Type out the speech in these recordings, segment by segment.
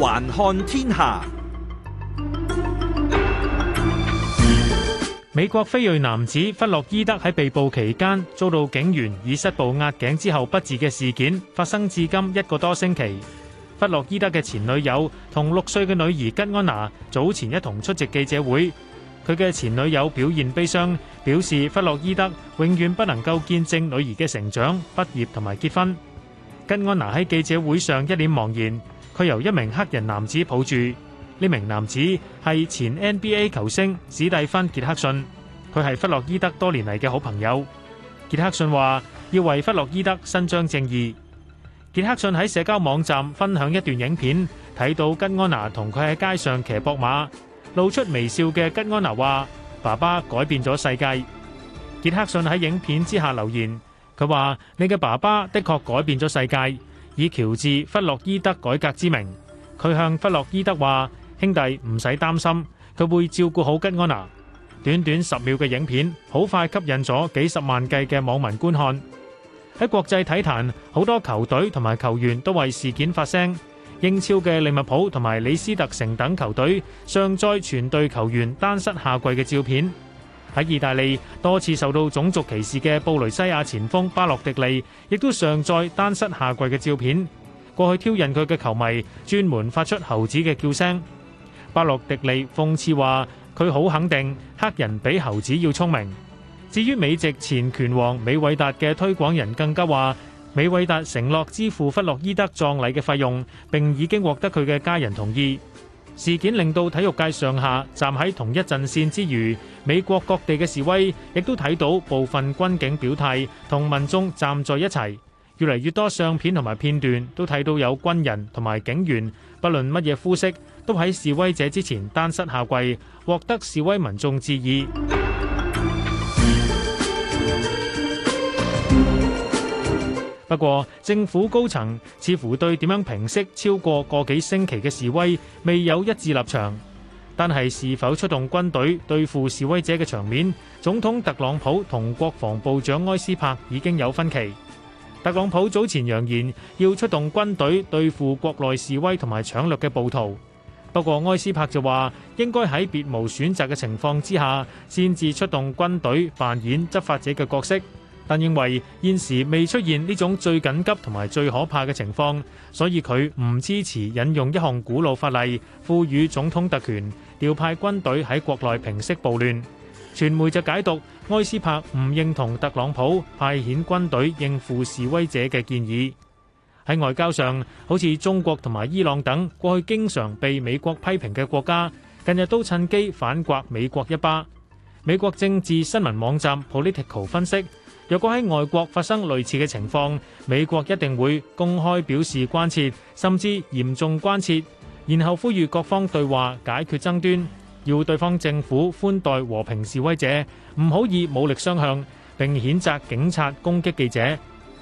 環看天下，美國非裔男子弗洛伊德喺被捕期間遭到警員以膝部壓頸之後不治嘅事件發生至今一個多星期。弗洛伊德嘅前女友同六歲嘅女兒吉安娜早前一同出席記者會，佢嘅前女友表現悲傷，表示弗洛伊德永遠不能夠見證女兒嘅成長、畢業同埋結婚。吉安娜喺記者會上一臉茫然。佢由一名黑人男子抱住，呢名男子係前 NBA 球星史蒂芬傑克遜，佢係弗洛伊德多年嚟嘅好朋友。傑克遜話要為弗洛伊德伸張正義。傑克遜喺社交網站分享一段影片，睇到吉安娜同佢喺街上騎膊馬，露出微笑嘅吉安娜話爸爸改變咗世界。傑克遜喺影片之下留言，佢話，你嘅爸爸的確改變咗世界。以喬治·弗洛伊德改革之名，佢向弗洛伊德話：兄弟唔使擔心，佢會照顧好吉安娜。短短十秒嘅影片，好快吸引咗幾十萬計嘅網民觀看。喺國際體壇，好多球隊同埋球員都為事件發聲。英超嘅利物浦同埋李斯特城等球隊，上載全隊球員單膝下跪嘅照片。喺意大利多次受到種族歧視嘅布雷西亞前鋒巴洛迪利，亦都上載單膝下跪嘅照片。過去挑釁佢嘅球迷專門發出猴子嘅叫聲。巴洛迪利諷刺話：佢好肯定黑人比猴子要聰明。至於美籍前拳王美偉達嘅推廣人更加話：美偉達承諾支付弗洛伊德葬禮嘅費用，並已經獲得佢嘅家人同意。事件令到體育界上下站喺同一陣線之餘，美國各地嘅示威亦都睇到部分軍警表態同民眾站在一齊，越嚟越多相片同埋片段都睇到有軍人同埋警員，不論乜嘢膚色，都喺示威者之前單膝下跪，獲得示威民眾致意。不過，政府高層似乎對點樣平息超過個幾星期嘅示威未有一致立場。但係，是否出動軍隊對付示威者嘅場面，總統特朗普同國防部長埃斯珀已經有分歧。特朗普早前揚言要出動軍隊對付國內示威同埋搶掠嘅暴徒。不過，埃斯珀就話應該喺別無選擇嘅情況之下先至出動軍隊扮演執法者嘅角色。但認為現時未出現呢種最緊急同埋最可怕嘅情況，所以佢唔支持引用一項古老法例，賦予總統特權，調派軍隊喺國內平息暴亂。傳媒就解讀埃斯珀唔認同特朗普派遣軍隊應付示威者嘅建議。喺外交上，好似中國同埋伊朗等過去經常被美國批評嘅國家，近日都趁機反摑美國一巴。美國政治新聞網站 Politico 分析。若果喺外國發生類似嘅情況，美國一定會公開表示關切，甚至嚴重關切，然後呼籲各方對話解決爭端，要對方政府寬待和平示威者，唔好以武力相向，並譴責警察攻擊記者。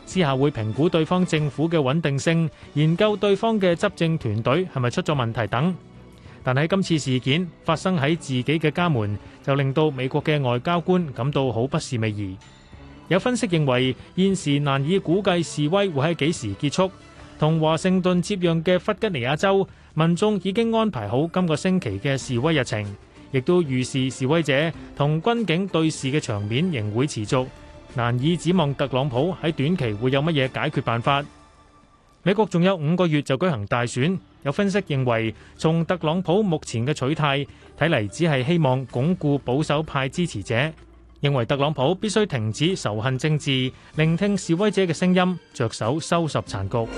之後會評估對方政府嘅穩定性，研究對方嘅執政團隊係咪出咗問題等。但係今次事件發生喺自己嘅家門，就令到美國嘅外交官感到好不是味兒。有分析認為，現時難以估計示威會喺幾時結束。同華盛頓接壤嘅弗吉尼亞州民眾已經安排好今個星期嘅示威日程，亦都預示示威者同軍警對峙嘅場面仍會持續，難以指望特朗普喺短期會有乜嘢解決辦法。美國仲有五個月就舉行大選，有分析認為，從特朗普目前嘅取態睇嚟，只係希望鞏固保守派支持者。認為特朗普必須停止仇恨政治，聆聽示威者嘅聲音，着手收拾殘局。